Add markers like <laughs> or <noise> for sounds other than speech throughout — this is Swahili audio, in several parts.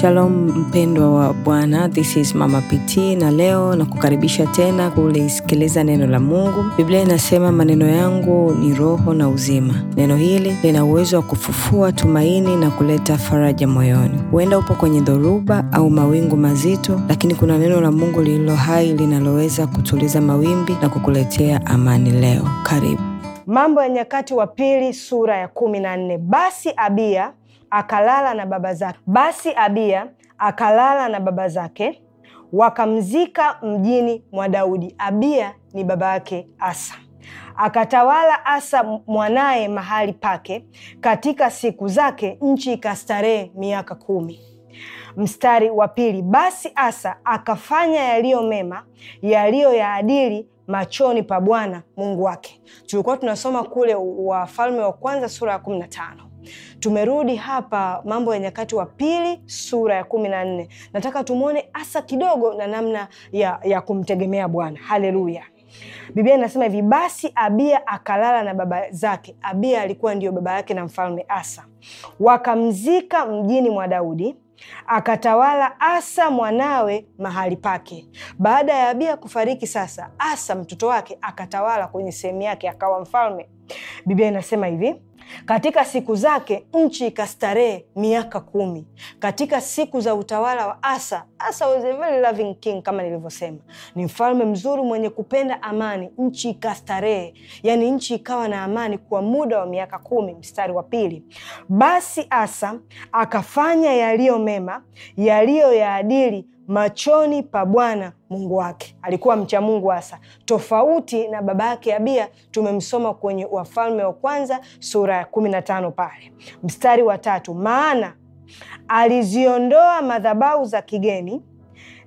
Shalom mpendwa wa Bwana, this is Mama PT na leo kukaribisha tena kulisikiliza neno la Mungu. Biblia inasema maneno yangu ni roho na uzima. Neno hili lina uwezo wa kufufua tumaini na kuleta faraja moyoni. Huenda upo kwenye dhoruba au mawingu mazito, lakini kuna neno la Mungu lililo hai linaloweza kutuliza mawimbi na kukuletea amani. Leo karibu Mambo ya Nyakati wa Pili sura ya kumi na nne. Basi Abia akalala na baba zake. Basi abia akalala na baba zake, wakamzika mjini mwa Daudi. abia ni baba yake Asa. Akatawala Asa mwanaye mahali pake, katika siku zake nchi ikastarehe miaka kumi. Mstari wa pili, basi Asa akafanya yaliyo mema yaliyo ya adili machoni pa Bwana Mungu wake. Tulikuwa tunasoma kule Wafalme wa Kwanza sura ya kumi na tano. Tumerudi hapa Mambo ya Nyakati wa Pili sura ya kumi na nne. Nataka tumwone asa kidogo na namna ya, ya kumtegemea Bwana. Haleluya. Biblia inasema hivi: basi Abia akalala na baba zake. Abia alikuwa ndio baba yake na mfalme Asa, wakamzika mjini mwa Daudi, akatawala Asa mwanawe mahali pake. Baada ya Abia kufariki, sasa Asa mtoto wake akatawala kwenye sehemu yake, akawa mfalme. Biblia inasema hivi katika siku zake nchi ikastarehe miaka kumi, katika siku za utawala wa Asa. Asa was a very loving king, kama nilivyosema, ni mfalme mzuri mwenye kupenda amani. Nchi ikastarehe, yani nchi ikawa na amani kwa muda wa miaka kumi. Mstari wa pili, basi Asa akafanya yaliyo mema, yaliyo ya adili machoni pa Bwana Mungu wake. Alikuwa mcha Mungu hasa, tofauti na baba yake Abia. Tumemsoma kwenye Wafalme wa Kwanza sura ya kumi na tano pale mstari wa tatu, maana aliziondoa madhabahu za kigeni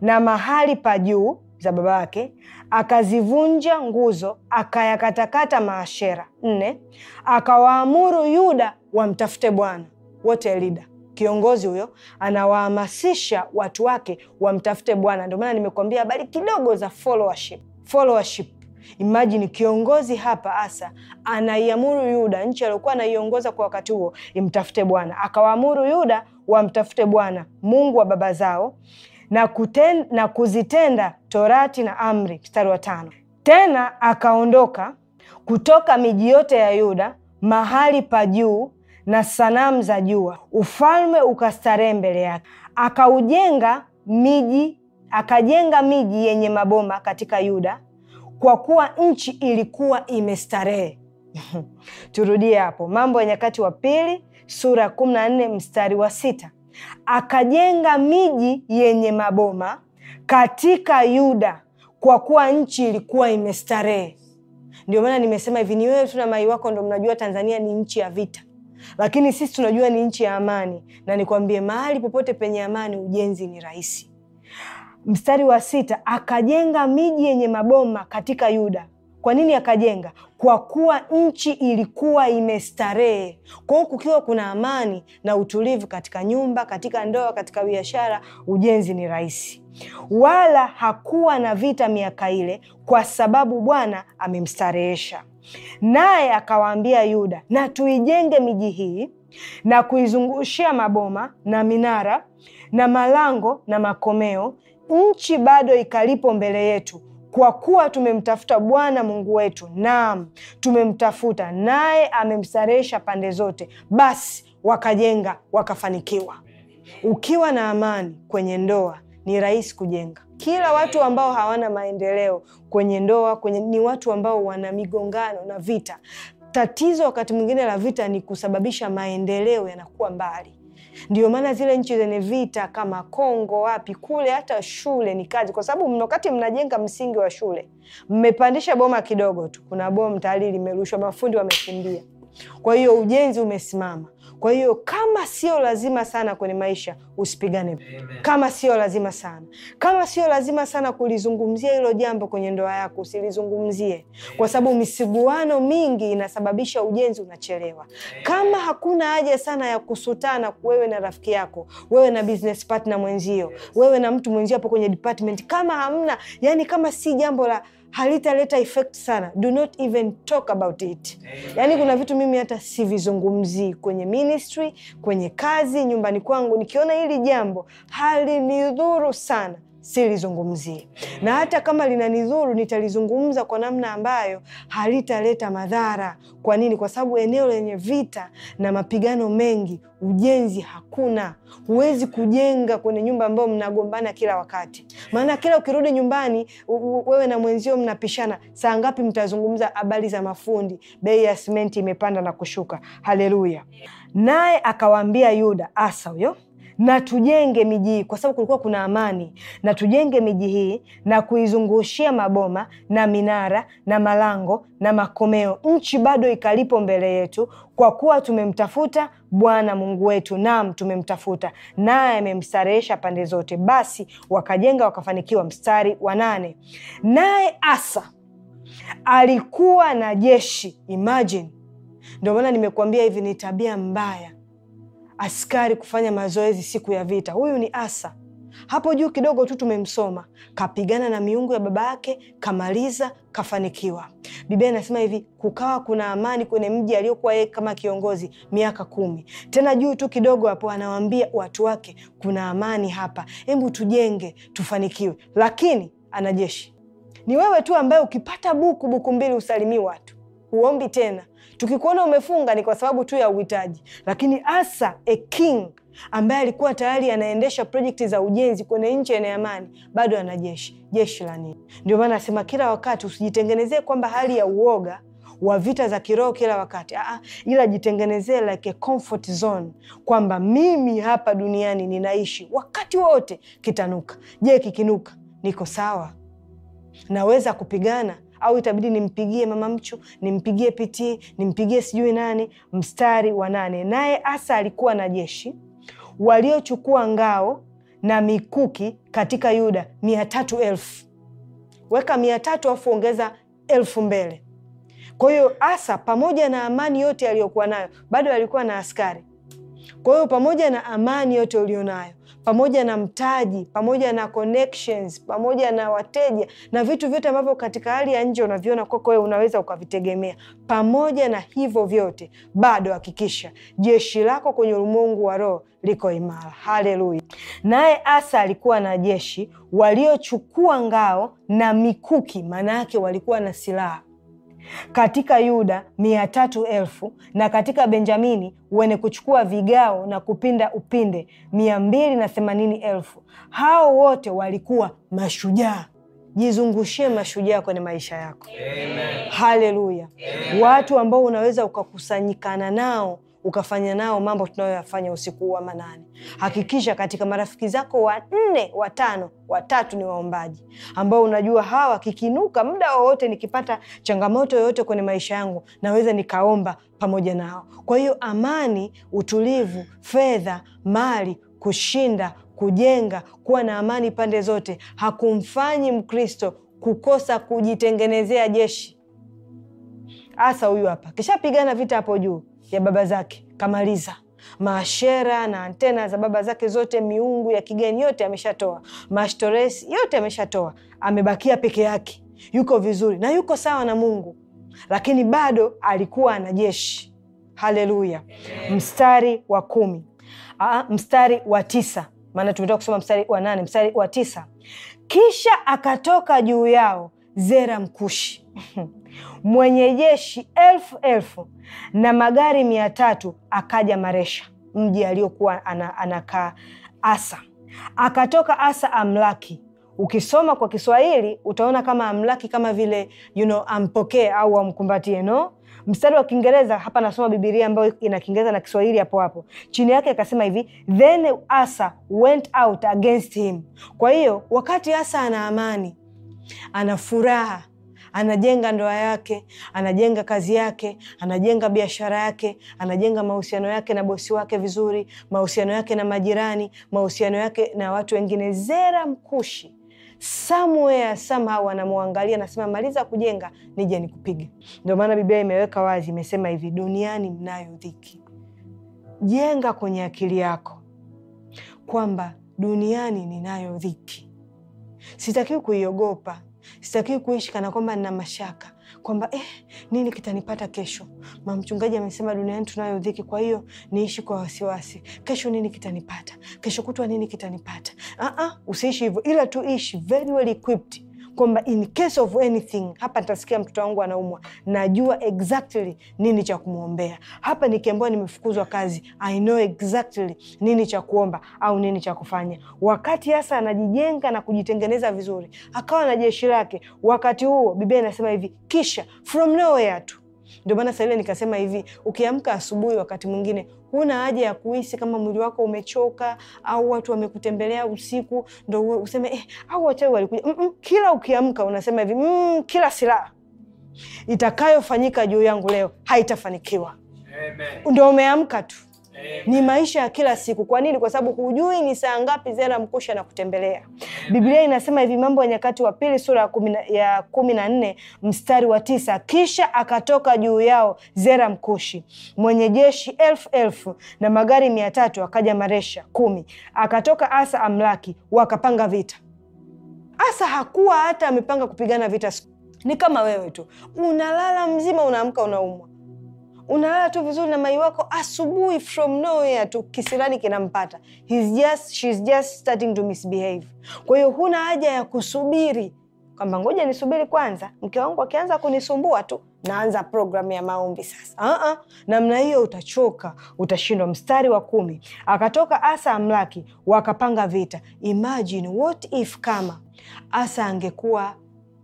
na mahali pa juu za baba yake, akazivunja nguzo, akayakatakata maashera. Nne, akawaamuru Yuda wamtafute Bwana wote, lida kiongozi huyo anawahamasisha watu wake wamtafute Bwana. Ndio maana nimekuambia habari kidogo za followership. Followership. Imajini kiongozi hapa Asa anaiamuru Yuda, nchi aliyokuwa anaiongoza kwa wakati huo, imtafute Bwana. Akawaamuru Yuda wamtafute Bwana Mungu wa baba zao na, kuten, na kuzitenda torati na amri. Mstari wa tano, tena akaondoka kutoka miji yote ya Yuda mahali pa juu na sanamu za jua, ufalme ukastarehe mbele yake. Akaujenga miji, akajenga miji yenye maboma katika Yuda, kwa kuwa nchi ilikuwa imestarehe. <laughs> Turudie hapo, Mambo ya Nyakati wa Pili sura ya kumi na nne mstari wa sita akajenga miji yenye maboma katika Yuda kwa kuwa nchi ilikuwa imestarehe. Ndio maana nimesema hivi, ni wewe tu na mai wako ndo mnajua Tanzania ni nchi ya vita lakini sisi tunajua ni nchi ya amani, na nikwambie, mahali popote penye amani ujenzi ni rahisi. Mstari wa sita, akajenga miji yenye maboma katika Yuda. Kwa nini akajenga? Kwa kuwa nchi ilikuwa imestarehe. Kwa hiyo kukiwa kuna amani na utulivu katika nyumba, katika ndoa, katika biashara, ujenzi ni rahisi. Wala hakuwa na vita miaka ile, kwa sababu Bwana amemstarehesha. Naye akawaambia Yuda, na tuijenge miji hii na kuizungushia maboma na minara na malango na makomeo, nchi bado ikalipo mbele yetu, kwa kuwa tumemtafuta Bwana Mungu wetu. Naam, tumemtafuta naye amemstarehesha pande zote. Basi wakajenga wakafanikiwa. Ukiwa na amani kwenye ndoa ni rahisi kujenga. Kila watu ambao hawana maendeleo kwenye ndoa kwenye, ni watu ambao wana migongano na vita. Tatizo wakati mwingine la vita ni kusababisha maendeleo yanakuwa mbali. Ndio maana zile nchi zenye vita kama Kongo, wapi kule, hata shule ni kazi, kwa sababu wakati mnajenga msingi wa shule, mmepandisha boma kidogo tu, kuna bomu tayari limerushwa, mafundi wamekimbia, kwa hiyo ujenzi umesimama. Kwa hiyo kama sio lazima sana kwenye maisha usipigane. Kama sio lazima sana, kama sio lazima sana kulizungumzia hilo jambo kwenye ndoa yako usilizungumzie, kwa sababu misiguano mingi inasababisha ujenzi unachelewa. Kama hakuna haja sana ya kusutana wewe na rafiki yako, wewe na business partner mwenzio, wewe na mtu mwenzio hapo kwenye department, kama hamna yani, kama si jambo la halitaleta effect sana. Do not even talk about it. Yaani kuna vitu mimi hata sivizungumzii kwenye ministry, kwenye kazi, nyumbani kwangu. Nikiona hili jambo halinidhuru sana silizungumzie, na hata kama linanidhuru nitalizungumza kwa namna ambayo halitaleta madhara. Kwa nini? Kwa sababu eneo lenye vita na mapigano mengi, ujenzi hakuna. Huwezi kujenga kwenye nyumba ambayo mnagombana kila wakati, maana kila ukirudi nyumbani wewe na mwenzio mnapishana. Saa ngapi mtazungumza habari za mafundi, bei ya simenti imepanda na kushuka? Haleluya! Naye akawaambia Yuda, asa huyo na tujenge miji hii, kwa sababu kulikuwa kuna amani, na tujenge miji hii na kuizungushia maboma na minara na malango na makomeo, nchi bado ikalipo mbele yetu, kwa kuwa tumemtafuta Bwana Mungu wetu. Naam, tumemtafuta naye amemstarehesha pande zote. Basi wakajenga wakafanikiwa. Mstari wa nane, naye Asa alikuwa na jeshi. Imagine, ndio maana nimekuambia hivi ni tabia mbaya askari kufanya mazoezi siku ya vita. Huyu ni Asa. Hapo juu kidogo tu tumemsoma, kapigana na miungu ya baba yake, kamaliza, kafanikiwa. Biblia inasema hivi, kukawa kuna amani kwenye mji aliyokuwa yeye kama kiongozi miaka kumi. Tena juu tu kidogo hapo anawaambia watu wake, kuna amani hapa, hebu tujenge, tufanikiwe. Lakini ana jeshi. Ni wewe tu ambaye ukipata buku buku mbili usalimii watu, uombi tena, Tukikuona umefunga ni kwa sababu tu ya uhitaji, lakini Asa a king ambaye alikuwa tayari anaendesha projekti za ujenzi kwenye nchi yenye amani, bado ana jeshi. Jeshi la nini? Ndio maana anasema kila wakati usijitengenezee kwamba hali ya uoga wa vita za kiroho kila wakati aa, ah, ah, ila jitengenezee like a comfort zone, kwamba mimi hapa duniani ninaishi wakati wote kitanuka. Je, kikinuka niko sawa? Naweza kupigana au itabidi nimpigie mama mchu, nimpigie pitii, nimpigie sijui nani. Mstari wa nane, naye Asa alikuwa na jeshi waliochukua ngao na mikuki katika Yuda mia tatu elfu. Weka mia tatu afu ongeza elfu mbele. Kwa hiyo Asa pamoja na amani yote aliyokuwa nayo bado alikuwa na askari. Kwa hiyo pamoja na amani yote ulionayo pamoja na mtaji, pamoja na connections, pamoja na wateja na vitu vyote ambavyo katika hali ya nje unaviona kwako wewe unaweza ukavitegemea. Pamoja na hivyo vyote, bado hakikisha jeshi lako kwenye ulimwengu wa roho liko imara. Haleluya! Naye Asa alikuwa na jeshi waliochukua ngao na mikuki, maana yake walikuwa na silaha katika Yuda mia tatu elfu na katika Benjamini wenye kuchukua vigao na kupinda upinde mia mbili na themanini elfu Hao wote walikuwa mashujaa. Jizungushie mashujaa kwenye maisha yako. Amen. Haleluya. Amen. Watu ambao unaweza ukakusanyikana nao ukafanya nao mambo tunayoyafanya usiku wa manane. Hakikisha katika marafiki zako wanne, watano, watatu ni waombaji ambao unajua hawa, kikinuka muda wowote, nikipata changamoto yoyote kwenye maisha yangu, naweza nikaomba pamoja nao. Kwa hiyo amani, utulivu, fedha, mali, kushinda, kujenga, kuwa na amani pande zote hakumfanyi Mkristo kukosa kujitengenezea jeshi. Hasa huyu hapa kishapigana vita hapo juu ya baba zake kamaliza maashera na antena za baba zake zote, miungu ya kigeni yote ameshatoa, mashtoresi yote ameshatoa, amebakia peke yake. Yuko vizuri na yuko sawa na Mungu, lakini bado alikuwa ana jeshi. Haleluya! Mstari wa kumi, aa, mstari wa tisa, maana tumetoka kusoma mstari wa nane. Mstari wa tisa, kisha akatoka juu yao Zera Mkushi <laughs> mwenye jeshi elfu elfu na magari mia tatu akaja Maresha, mji aliyokuwa anakaa Asa. Akatoka Asa amlaki. Ukisoma kwa Kiswahili utaona kama amlaki kama vile you know, ampokee au amkumbatie no mstari wa Kiingereza hapa nasoma Bibilia ambayo ina Kiingereza na Kiswahili hapo hapo. Chini yake akasema hivi, then Asa went out against him. Kwa hiyo wakati Asa ana amani, ana furaha, anajenga ndoa yake, anajenga kazi yake, anajenga biashara yake, anajenga mahusiano yake na bosi wake vizuri, mahusiano yake na majirani, mahusiano yake na watu wengine. Zera Mkushi somewhere somehow anamwangalia, anasema maliza kujenga nije nikupige. Ndio maana Biblia imeweka wazi, imesema hivi, duniani mnayo dhiki. Jenga kwenye akili yako kwamba duniani ninayo dhiki, sitakiwi kuiogopa Sitaki kuishi kana kwamba nina mashaka kwamba eh, nini kitanipata kesho. Mama mchungaji amesema duniani tunayo dhiki, kwa hiyo niishi kwa wasiwasi. Kesho nini kitanipata? Kesho kutwa nini kitanipata? Ah ah, usiishi hivyo, ila tu ishi very well equipped kwamba in case of anything, hapa nitasikia mtoto wangu anaumwa, najua exactly nini cha kumwombea. Hapa nikiambiwa nimefukuzwa kazi, I know exactly nini cha kuomba au nini cha kufanya. Wakati hasa anajijenga na kujitengeneza vizuri, akawa na jeshi lake, wakati huo Biblia inasema hivi, kisha from nowhere tu ndio maana saa ile nikasema hivi, ukiamka asubuhi, wakati mwingine huna haja ya kuhisi kama mwili wako umechoka au watu wamekutembelea usiku ndo useme eh, au wachawi walikuja. mm -mm, kila ukiamka unasema hivi mm, kila silaha itakayofanyika juu yangu leo haitafanikiwa. Amen. Ndio umeamka tu ni maisha ya kila siku. Kwa nini? Kwa sababu hujui ni saa ngapi Zera na kutembelea. Biblia inasema hivi, Mambo ya Nyakati wa Pili sura ya kumi na nne mstari wa tisa kisha akatoka juu yao Zera Mkushi mwenye jeshi elfu elfu na magari mia tatu akaja Maresha kumi akatoka Asa Amlaki wakapanga vita. Asa hakuwa hata amepanga kupigana vita, ni kama wewe tu unalala mzima, unaamka unaumwa unalala tu vizuri na mai wako, asubuhi from nowhere tu kisirani kinampata. He's just, she's just starting to misbehave. Kwa hiyo huna haja ya kusubiri kwamba ngoja nisubiri kwanza, mke wangu akianza kunisumbua tu naanza programu ya maombi sasa. Uh-uh. Namna hiyo utachoka, utashindwa. Mstari wa kumi, akatoka Asa amlaki, wakapanga vita. Imagine what if, kama Asa angekuwa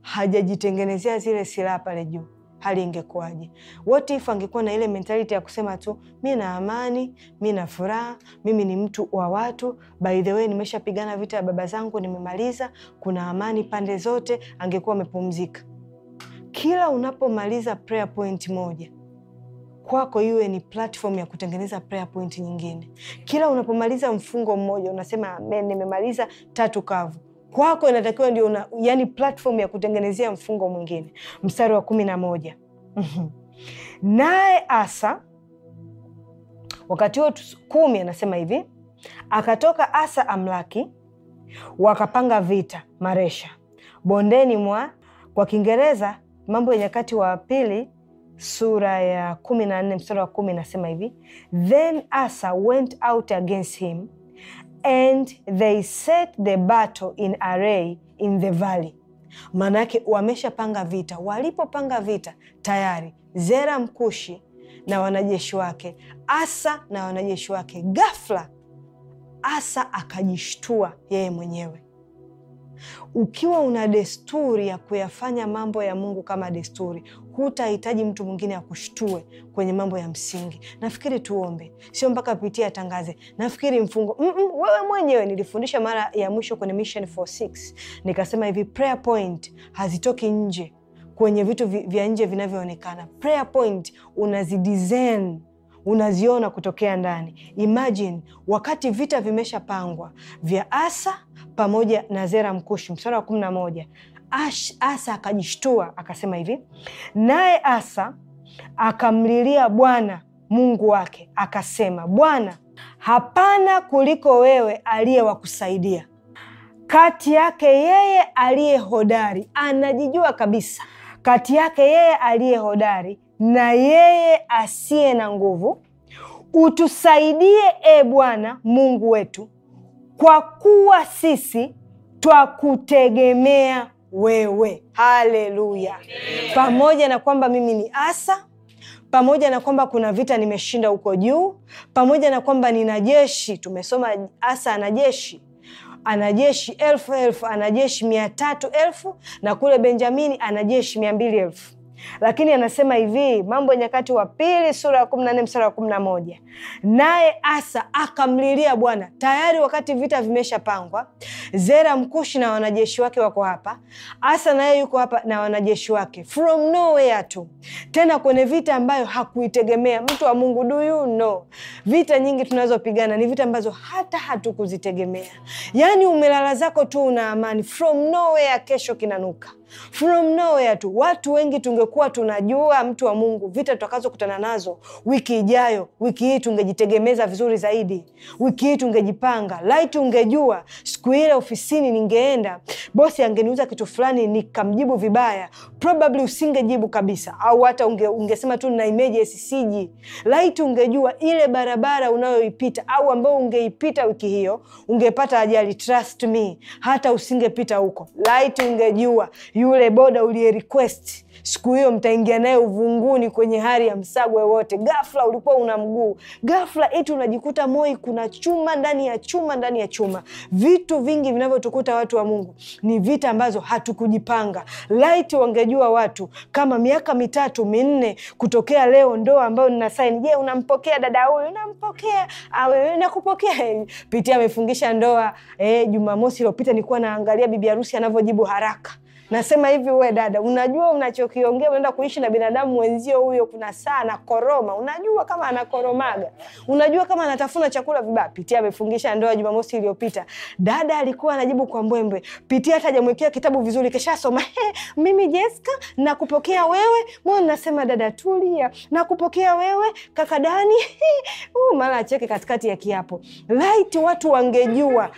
hajajitengenezea zile silaha pale juu hali ingekuwaje? What if angekuwa na ile mentality ya kusema tu mi na amani, mi na furaha, mimi ni mtu wa watu, by the way nimeshapigana vita ya baba zangu nimemaliza, kuna amani pande zote, angekuwa amepumzika. Kila unapomaliza prayer point moja kwako iwe ni platform ya kutengeneza prayer point nyingine. Kila unapomaliza mfungo mmoja unasema amen, nimemaliza tatu kavu kwako inatakiwa ndio una, yani platform ya kutengenezea mfungo mwingine. Mstari wa kumi na moja mhm. naye Asa wakati huo kumi anasema hivi, akatoka Asa Amlaki, wakapanga vita Maresha bondeni mwa, kwa Kiingereza Mambo ya Nyakati wa Pili sura ya kumi na nne mstari wa kumi nasema hivi, then Asa went out against him and they set the battle in array in the valley. Maanake wameshapanga vita. Walipopanga vita tayari, Zera Mkushi na wanajeshi wake, Asa na wanajeshi wake, ghafla Asa akajishtua yeye mwenyewe ukiwa una desturi ya kuyafanya mambo ya Mungu kama desturi, hutahitaji mtu mwingine akushtue kwenye mambo ya msingi. Nafikiri tuombe, sio mpaka pitia tangaze. Nafikiri mfungo mm -mm, wewe mwenyewe nilifundisha mara ya mwisho kwenye Mission 46 nikasema hivi, prayer point hazitoki nje kwenye vitu vya nje vinavyoonekana. Prayer point unazidesign unaziona kutokea ndani. Imagine wakati vita vimeshapangwa vya Asa pamoja na Zera Mkushi, mstari wa kumi na moja Asa akajishtua akasema hivi, naye Asa akamlilia Bwana Mungu wake akasema, Bwana, hapana kuliko wewe aliye wa kusaidia kati yake yeye aliye hodari, anajijua kabisa, kati yake yeye aliye hodari na yeye asiye na nguvu, utusaidie e Bwana Mungu wetu, kwa kuwa sisi twa kutegemea wewe. Haleluya! Pamoja na kwamba mimi ni asa pamoja na kwamba kuna vita nimeshinda huko juu, pamoja na kwamba nina jeshi. Tumesoma Asa ana jeshi, ana jeshi elfu elfu, ana jeshi mia tatu elfu na kule Benjamini ana jeshi mia mbili elfu lakini anasema hivi Mambo ya Nyakati wa Pili sura ya kumi na nne mstari wa kumi na moja naye Asa akamlilia Bwana tayari wakati vita vimeshapangwa. Zera Mkushi na wanajeshi wake wako hapa, Asa naye yuko hapa na wanajeshi wake, from nowhere tu, tena kwenye vita ambayo hakuitegemea. Mtu wa Mungu, do you know, vita nyingi tunazopigana ni vita ambazo hata hatukuzitegemea. Yani umelala zako tu una amani, from nowhere kesho kinanuka from nowhere tu. Watu wengi tungekuwa tunajua mtu wa Mungu vita tutakazokutana nazo wiki ijayo, wiki hii tungejitegemeza vizuri zaidi, wiki hii tungejipanga. Laiti ungejua siku ile ofisini ningeenda, bosi angeniuza kitu fulani nikamjibu vibaya, probably usingejibu kabisa, au hata unge, ungesema tu na imeje sisiji. Laiti ungejua ile barabara unayoipita au ambayo ungeipita wiki hiyo ungepata ajali, trust me, hata usingepita huko. Laiti ungejua yule boda uliye request siku hiyo mtaingia naye uvunguni kwenye hali ya msagwe wote. Ghafla ulikuwa una mguu, ghafla eti unajikuta MOI kuna chuma ndani ya chuma ndani ya chuma. Vitu vingi vinavyotukuta watu wa Mungu ni vita ambazo hatukujipanga. Laiti wangejua watu kama miaka mitatu minne kutokea leo, ndoa ambayo nina saini. Je, unampokea dada huyu? Unampokea awe nakupokea? Pitia amefungisha ndoa. E, Jumamosi iliyopita nilikuwa naangalia bibi harusi anavyojibu haraka Nasema hivi, we dada, unajua unachokiongea, unaenda kuishi na binadamu mwenzio huyo, kuna saa na koroma. Unajua kama anakoromaga, unajua kama anatafuna chakula vibaya. Pitia amefungisha ndoa Jumamosi iliyopita, dada alikuwa anajibu kwa mbwembwe. Pitia hata hajamwekea kitabu vizuri, kishasoma <laughs> Hey, mimi Jessica nakupokea wewe. Mbona nasema dada, tulia, nakupokea wewe kaka Dani. <laughs> Mara acheke katikati ya kiapo. Laiti watu wangejua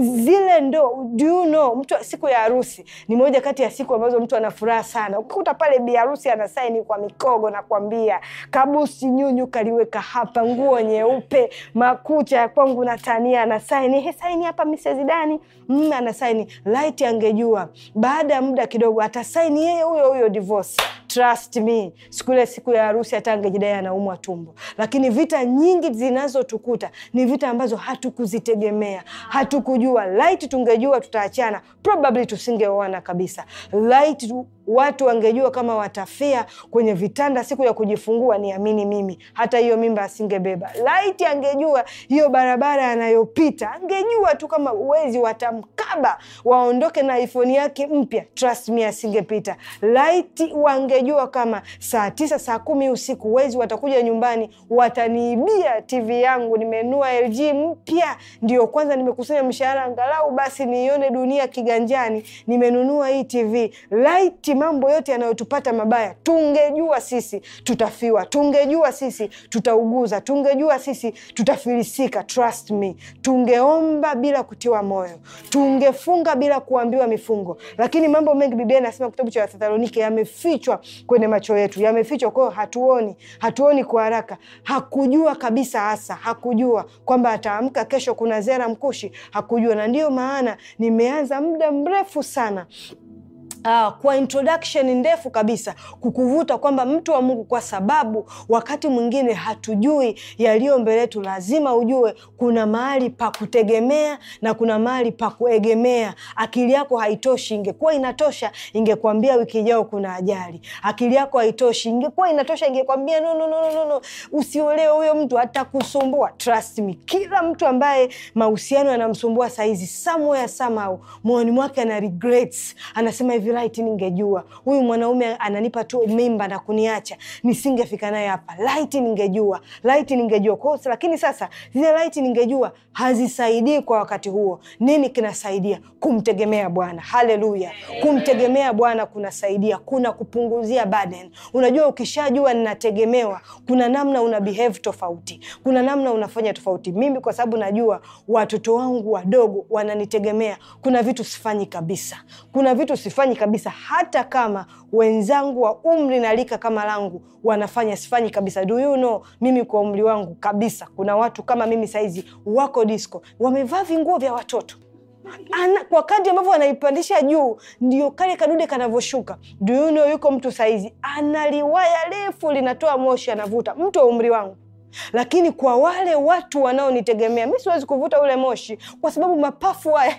zile ndo do you know, mtu siku ya harusi ni moja kati ya siku ambazo mtu ana furaha sana. Ukikuta pale bi harusi saini kwa mikogo, nakwambia kabusi nyunyu kaliweka hapa, nguo nyeupe, makucha ya kwangu na tania, anasaini he, saini hapa Mrs. Dani mme anasaini, laiti angejua. Baada ya muda kidogo atasaini yeye huyo huyo divorce. Trust me, siku ile siku ya harusi hata angejidai anaumwa tumbo. Lakini vita nyingi zinazotukuta ni vita ambazo hatukuzitegemea, hatukujua. lit tungejua tutaachana, probably tusingeoana kabisa. Laiti watu wangejua kama watafia kwenye vitanda siku ya kujifungua, niamini mimi hata hiyo mimba asingebeba. Laiti angejua hiyo barabara anayopita, angejua tu kama wezi watamkaba waondoke na iPhone yake mpya, trust me, asingepita. Laiti wangejua kama saa tisa saa kumi usiku wezi watakuja nyumbani, wataniibia TV yangu, nimenua LG mpya, ndio kwanza nimekusanya mshahara, angalau basi nione dunia kiganjani, nimenunua hii TV. Laiti Wakati mambo yote yanayotupata mabaya, tungejua sisi tutafiwa, tungejua sisi tutauguza, tungejua sisi tutafilisika, trust me, tungeomba bila kutiwa moyo, tungefunga bila kuambiwa mifungo. Lakini mambo mengi Biblia inasema kitabu cha Wathesalonike yamefichwa kwenye macho yetu, yamefichwa kwao, hatuoni, hatuoni kwa haraka. Hakujua kabisa, hasa hakujua kwamba ataamka kesho kuna Zera Mkushi, hakujua. Na ndiyo maana nimeanza muda mrefu sana uh, kwa introduction ndefu kabisa kukuvuta kwamba mtu wa Mungu, kwa sababu wakati mwingine hatujui yaliyo mbele yetu. Lazima ujue kuna mahali pa kutegemea na kuna mahali pa kuegemea. Akili yako haitoshi. Ingekuwa inatosha, ingekwambia wiki ijao kuna ajali. Akili yako haitoshi. Ingekuwa inatosha, ingekwambia no, no, no, no, no. Usiolewe, huyo mtu atakusumbua. Trust me, kila mtu ambaye mahusiano yanamsumbua saizi, somewhere somehow, moyoni mwake ana regrets, anasema hivi laiti ningejua huyu mwanaume ananipa tu mimba na kuniacha, nisingefika naye hapa. Laiti ningejua, laiti ningejua. Kwa hiyo lakini sasa zile laiti ningejua hazisaidii kwa wakati huo. Nini kinasaidia? Kumtegemea Bwana. Haleluya! Kumtegemea Bwana kunasaidia, kuna kupunguzia burden. Unajua, ukishajua ninategemewa, kuna namna una behave tofauti, kuna namna unafanya tofauti. Mimi kwa sababu najua watoto wangu wadogo wananitegemea, kuna vitu sifanyi kabisa, kuna vitu sifanyi kabisa kabisa, hata kama wenzangu wa umri na lika kama langu wanafanya, sifanyi kabisa. Do you know, mimi kwa umri wangu kabisa, kuna watu kama mimi saizi wako disco wamevaa vinguo vya watoto ana, kwa kadi ambavyo wanaipandisha juu ndio kale kadude kanavyoshuka. Do you know, yuko mtu saizi ana liwaya refu linatoa moshi anavuta, mtu wa umri wangu lakini kwa wale watu wanaonitegemea, mi siwezi kuvuta ule moshi, kwa sababu mapafu haya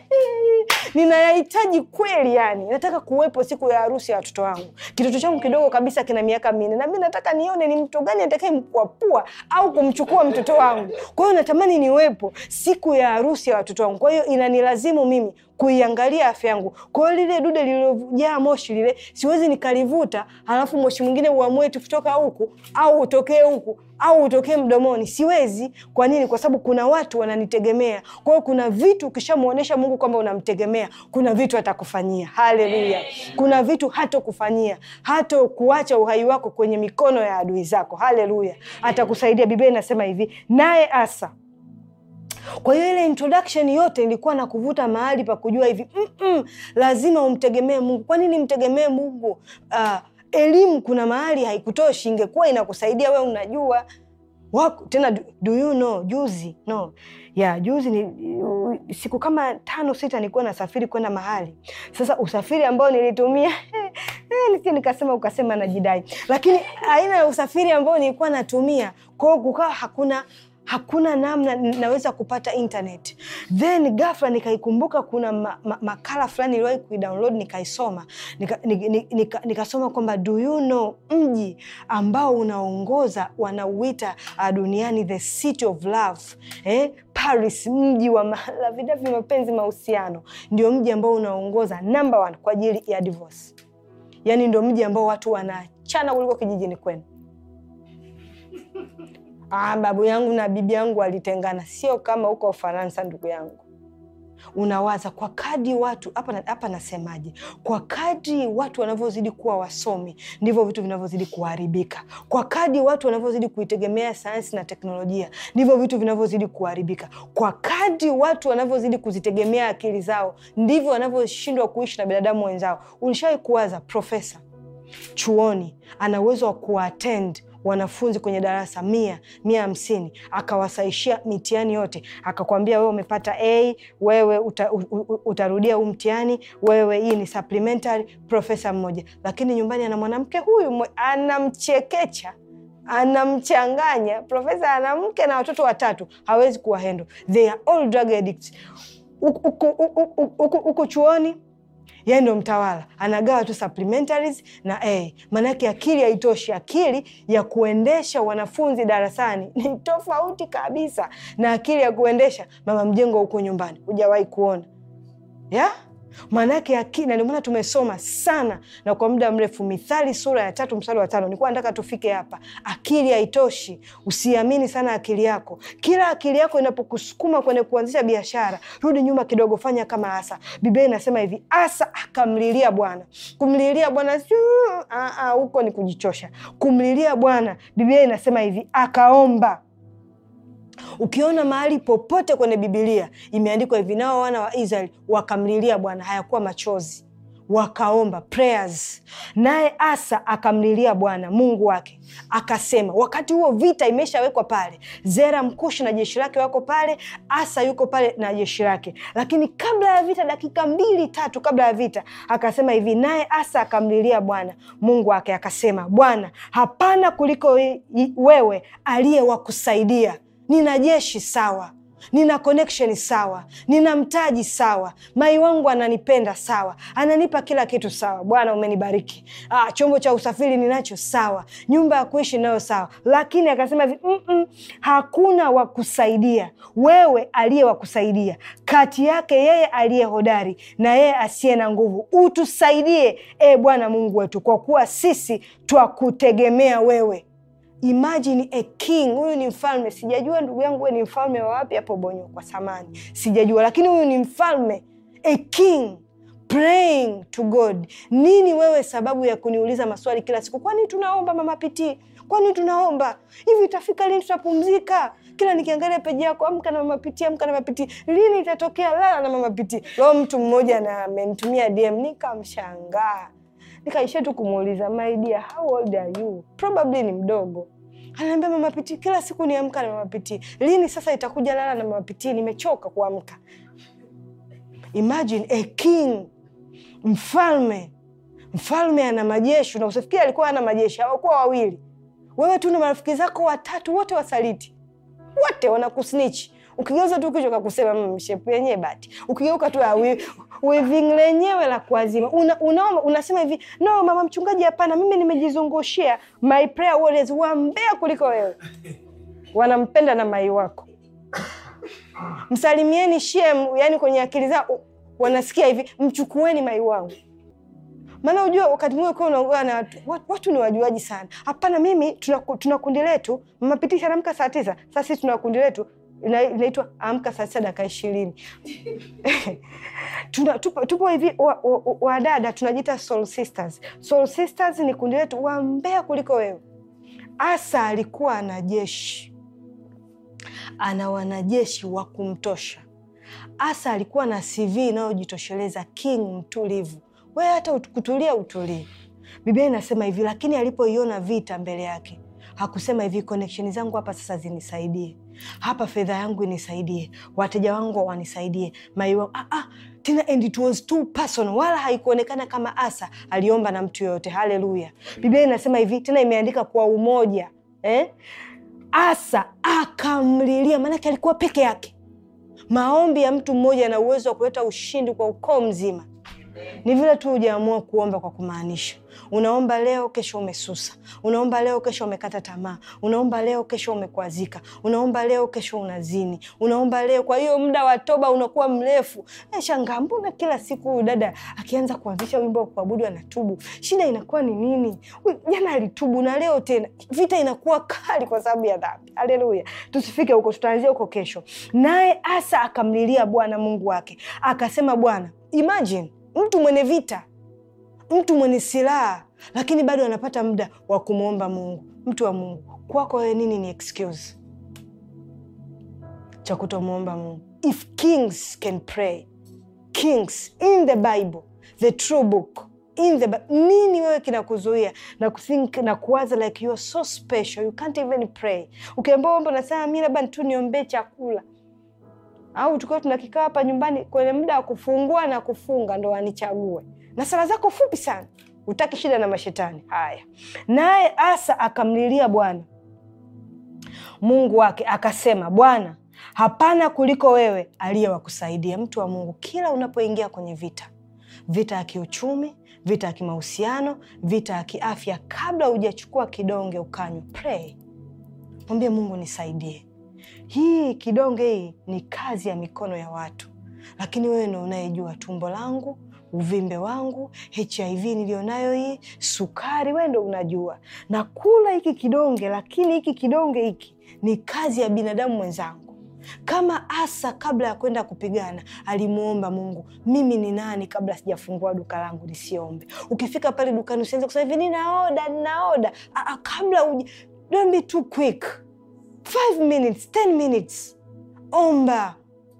<laughs> ninayahitaji kweli. Yani nataka kuwepo siku ya harusi ya watoto wangu. Kitoto changu kidogo kabisa kina miaka minne, na mi nataka nione ni mtu gani atakaye mkwapua au kumchukua mtoto wangu. Kwa hiyo natamani niwepo siku ya harusi ya watoto wangu, kwa hiyo inanilazimu mimi kuiangalia afya yangu. Kwa hiyo lile dude lililojaa moshi lile siwezi nikalivuta, halafu moshi mwingine uamue tukutoka huku au utokee huku au utokee mdomoni, siwezi. Kwa nini? Kwa sababu kuna watu wananitegemea. Kwa hiyo kuna vitu ukishamwonyesha Mungu kwamba unamtegemea, kuna vitu atakufanyia. Haleluya! Kuna vitu hatokufanyia, hatokuacha uhai wako kwenye mikono ya adui zako. Haleluya! Atakusaidia. Biblia inasema hivi, naye Asa kwa hiyo ile introduction yote ilikuwa na kuvuta mahali pa kujua hivi, mm -mm, lazima umtegemee Mungu. Kwa nini mtegemee Mungu? uh, elimu kuna mahali haikutoshi, ingekuwa inakusaidia wewe unajua wako tena do, you know, juzi no ya yeah, juzi ni siku kama tano sita nilikuwa nasafiri kwenda mahali. Sasa usafiri ambao nilitumia <laughs> eh, nisi nikasema ukasema najidai, lakini aina ya usafiri ambao nilikuwa natumia kwao kukawa hakuna hakuna namna naweza kupata internet. Then ghafla nikaikumbuka kuna ma, ma, makala fulani niliwahi kuidownload nikaisoma, nikasoma nika, nika, nika kwamba do you know mji ambao unaongoza wanauita uh, duniani the city of love eh? Paris, mji wa lavida mapenzi mahusiano, ndio mji ambao unaongoza number one kwa ajili ya divorce, yaani ndio mji ambao watu wanachana kuliko kijijini kwenu. Ah, babu yangu na bibi yangu walitengana, sio kama huko Ufaransa, ndugu yangu. Unawaza kwa kadri watu hapa hapa, nasemaje? Kwa kadri watu wanavyozidi kuwa wasomi, ndivyo vitu vinavyozidi kuharibika. Kwa kadri watu wanavyozidi kuitegemea sayansi na teknolojia, ndivyo vitu vinavyozidi kuharibika. Kwa kadri watu wanavyozidi kuzitegemea akili zao, ndivyo wanavyoshindwa kuishi na binadamu wenzao. Ulishawahi kuwaza profesa chuoni ana uwezo wa kuatend wanafunzi kwenye darasa mia mia hamsini akawasaishia mitihani yote, akakwambia wewe umepata A, wewe uta, u, u, utarudia huu mtihani, wewe hii ni supplementary, profesa mmoja. Lakini nyumbani ana mwanamke huyu anamchekecha anamchanganya profesa ana mke na watoto watatu, hawezi kuwa handle. They are all drug addicts. Huku chuoni yeye ndo mtawala, anagawa tu supplementaries na eh, A. yake akili haitoshi. Akili ya kuendesha wanafunzi darasani ni <laughs> tofauti kabisa na akili ya kuendesha mama mjengo huko nyumbani. Hujawahi kuona yeah? Maanake akina ndio maana tumesoma sana na kwa muda mrefu Mithali sura ya tatu mstari wa tano. Nilikuwa nataka tufike hapa. Akili haitoshi, usiamini sana akili yako. Kila akili yako inapokusukuma kwenye kuanzisha biashara, rudi nyuma kidogo, fanya kama Asa. Biblia inasema hivi, Asa akamlilia Bwana. Kumlilia Bwana ah, ah, huko ni kujichosha. Kumlilia Bwana, Biblia inasema hivi, akaomba Ukiona mahali popote kwenye Bibilia imeandikwa hivi, nao wana wa Israeli wakamlilia Bwana, hayakuwa machozi, wakaomba prayers. Naye Asa akamlilia Bwana Mungu wake akasema, wakati huo vita imeshawekwa pale, Zera Mkushi na jeshi lake wako pale, Asa yuko pale na jeshi lake. Lakini kabla ya vita, dakika mbili tatu kabla ya vita, akasema hivi, naye Asa akamlilia Bwana Mungu wake akasema, Bwana, hapana kuliko wewe aliyewakusaidia nina jeshi sawa, nina connection sawa, nina mtaji sawa, mai wangu ananipenda sawa, ananipa kila kitu sawa. Bwana umenibariki. Ah, chombo cha usafiri ninacho sawa, nyumba ya kuishi nayo sawa. Lakini akasema hivi mm -mm, hakuna wa kusaidia wewe, aliye wa kusaidia kati yake yeye aliye hodari na yeye asiye na nguvu, utusaidie e Bwana Mungu wetu, kwa kuwa sisi twakutegemea wewe. Imagine a king, huyu ni mfalme. Sijajua ndugu yangu we ni mfalme wa wapi hapo Bonyo kwa samani, sijajua, lakini huyu ni mfalme, a king praying to God. Nini wewe sababu ya kuniuliza maswali kila siku? Kwani tunaomba mama Piti? Kwani tunaomba hivi? Itafika lini tutapumzika? Kila nikiangalia peji yako, amka na mama Piti, amka na mama Piti, lini itatokea? Lala na mama Piti. Leo mtu mmoja na amenitumia DM nikamshangaa, nikaishia tu kumuuliza my dear, how old are you? Probably ni mdogo Ananiambia mama pitii, kila siku niamka na mama pitii, lini sasa itakuja lala na mama pitii, nimechoka kuamka. Imagine a king, mfalme. Mfalme ana majeshi, na usifikiri alikuwa ana majeshi, hawakuwa wawili. Wewe tu na marafiki zako watatu wote wasaliti, wote wanakusnichi Ukigeuza tu kichwa kakusema mm, shepu yenyewe bati, ukigeuka tu ah, weaving lenyewe la kuazima, una, unaomba unasema hivi, no mama mchungaji, hapana, mimi nimejizungushia my prayer warriors wambea kuliko wewe, <laughs> wanampenda na mai wako msalimieni shem, yani kwenye akili zao wanasikia hivi, mchukueni mai wangu. Maana unajua wakati mwingine ukiwa unaongea na watu, watu ni wajuaji sana. Hapana, mimi tuna, tuna kundi letu, mama Pitisha anamka saa tisa, sasa sisi tuna kundi letu inaitwa amka saa sita dakika ishirini. Tupo hivi wadada, tunajiita soul sisters. Soul sisters ni kundi letu wambea kuliko wewe. Asa alikuwa ana jeshi, ana wanajeshi wa kumtosha. Asa alikuwa na CV inayojitosheleza, king mtulivu. Wewe hata kutulia utulii. Biblia inasema hivi, lakini alipoiona vita mbele yake hakusema hivi, connection zangu hapa sasa zinisaidie hapa fedha yangu inisaidie, wateja wangu wanisaidie, mai ah, ah, tena and it was too personal, wala haikuonekana kama Asa aliomba na mtu yoyote. Haleluya! Biblia inasema hivi tena, imeandika kwa umoja eh? Asa akamlilia, maanake alikuwa peke yake. Maombi ya mtu mmoja yana uwezo wa kuleta ushindi kwa ukoo mzima. Ni vile tu hujaamua kuomba kwa kumaanisha. Unaomba leo, kesho umesusa. Unaomba leo, kesho umekata tamaa. Unaomba leo, kesho umekwazika. Unaomba leo, kesho unazini. Unaomba leo, kwa hiyo muda wa toba unakuwa mrefu. Nashangaa eh, mbona kila siku huyu dada akianza kuanzisha wimbo wa kuabudu anatubu? Shida inakuwa ni nini? Jana alitubu na leo tena vita inakuwa kali kwa sababu ya dhambi. Haleluya, tusifike huko, tutaanzia huko kesho. Naye Asa akamlilia Bwana Mungu wake akasema, Bwana, imagine mtu mwenye vita mtu mwenye silaha, lakini bado anapata muda wa kumwomba Mungu. Mtu wa Mungu, kwako wewe nini ni excuse cha kutomwomba Mungu? If kings can pray, kings in the Bible, the true book in the nini wewe kinakuzuia na kuthink na kuwaza like you are so special you can't even pray? Ukiambia omba unasema mi labda tu niombee chakula, au tukiwa tunakikaa hapa nyumbani kwenye muda wa kufungua na kufunga ndo wanichague na sala zako fupi sana, utaki shida na mashetani. Haya, naye Asa akamlilia Bwana Mungu wake akasema, Bwana, hapana kuliko wewe aliye wakusaidia Mtu wa Mungu, kila unapoingia kwenye vita, vita ya kiuchumi, vita ya kimahusiano, vita ya kiafya, kabla hujachukua kidonge ukanywa, pray, mwambie Mungu, nisaidie. Hii kidonge hii ni kazi ya mikono ya watu, lakini wewe ndo unayejua tumbo langu uvimbe wangu, HIV nilionayo hii, sukari, wewe ndo unajua. Na kula hiki kidonge, lakini hiki kidonge hiki ni kazi ya binadamu mwenzangu. Kama Asa kabla ya kwenda kupigana alimwomba Mungu, mimi ni nani kabla sijafungua duka langu nisiombe? Ukifika pale dukani usianze kusema hivi ninaoda, ninaoda. Aa, kabla uji, don't be too quick. 5 minutes, 10 minutes, omba,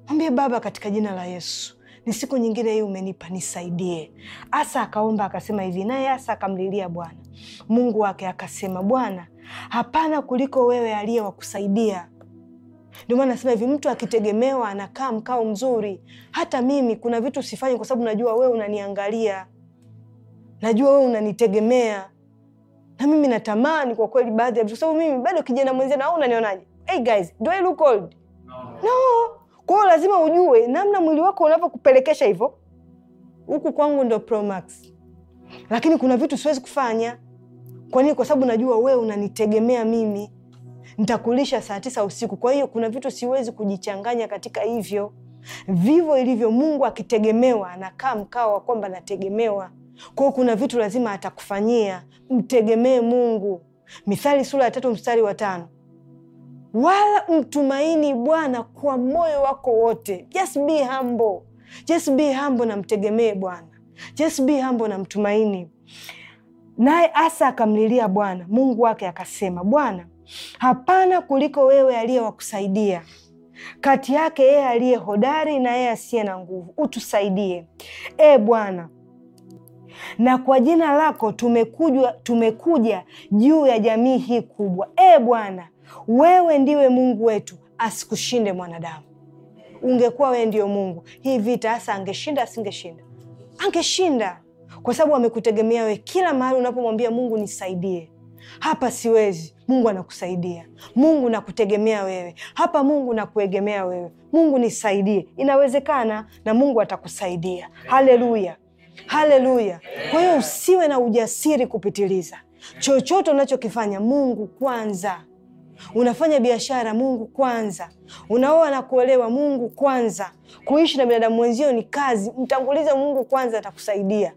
mwambie Baba, katika jina la Yesu ni siku nyingine hii umenipa, nisaidie. Asa akaomba akasema hivi, naye Asa akamlilia Bwana Mungu wake akasema, Bwana, hapana kuliko wewe aliye wakusaidia. Ndio maana nasema hivi, mtu akitegemewa anakaa mkao mzuri. Hata mimi kuna vitu sifanyi kwa sababu najua wewe unaniangalia, najua wewe unanitegemea, na mimi natamani kwa kweli baadhi ya vitu, kwa sababu mimi bado kijana mwenzenu. Au unanionaje? Hey guys, do I look old? No, no. Kwa hiyo lazima ujue namna mwili wako unavyokupelekesha hivyo. Huku kwangu ndo Pro Max, lakini kuna vitu siwezi kufanya. Kwa nini? Kwa sababu najua wewe unanitegemea mimi, nitakulisha saa tisa usiku. Kwa hiyo kuna vitu siwezi kujichanganya katika hivyo. Vivyo ilivyo Mungu akitegemewa, anakaa mkao wa kwamba nategemewa. Kwa hiyo kuna vitu lazima atakufanyia. Mtegemee Mungu. Mithali sura ya tatu mstari wa tano wala mtumaini Bwana kwa moyo wako wote. Just be humble, just be humble na mtegemee Bwana, just be humble na mtumaini. Naye Asa akamlilia Bwana Mungu wake akasema, Bwana, hapana kuliko wewe aliye wakusaidia kati yake yeye aliye hodari na yeye asiye na nguvu, utusaidie e Bwana, na kwa jina lako tumekuja, tumekuja juu ya jamii hii kubwa. E Bwana, wewe ndiwe Mungu wetu, asikushinde mwanadamu. Ungekuwa wewe ndio Mungu, hii vita hasa angeshinda asingeshinda? Angeshinda, kwa sababu amekutegemea wewe. Kila mahali unapomwambia Mungu nisaidie hapa siwezi, Mungu anakusaidia. Mungu nakutegemea wewe hapa, Mungu nakuegemea wewe, Mungu nisaidie. Inawezekana na Mungu atakusaidia. Haleluya, haleluya! Kwa hiyo usiwe na ujasiri kupitiliza chochote unachokifanya. Mungu kwanza. Unafanya biashara, Mungu kwanza. Unaoa na kuolewa, Mungu kwanza. Kuishi na binadamu wenzio ni kazi, mtangulize Mungu kwanza, atakusaidia.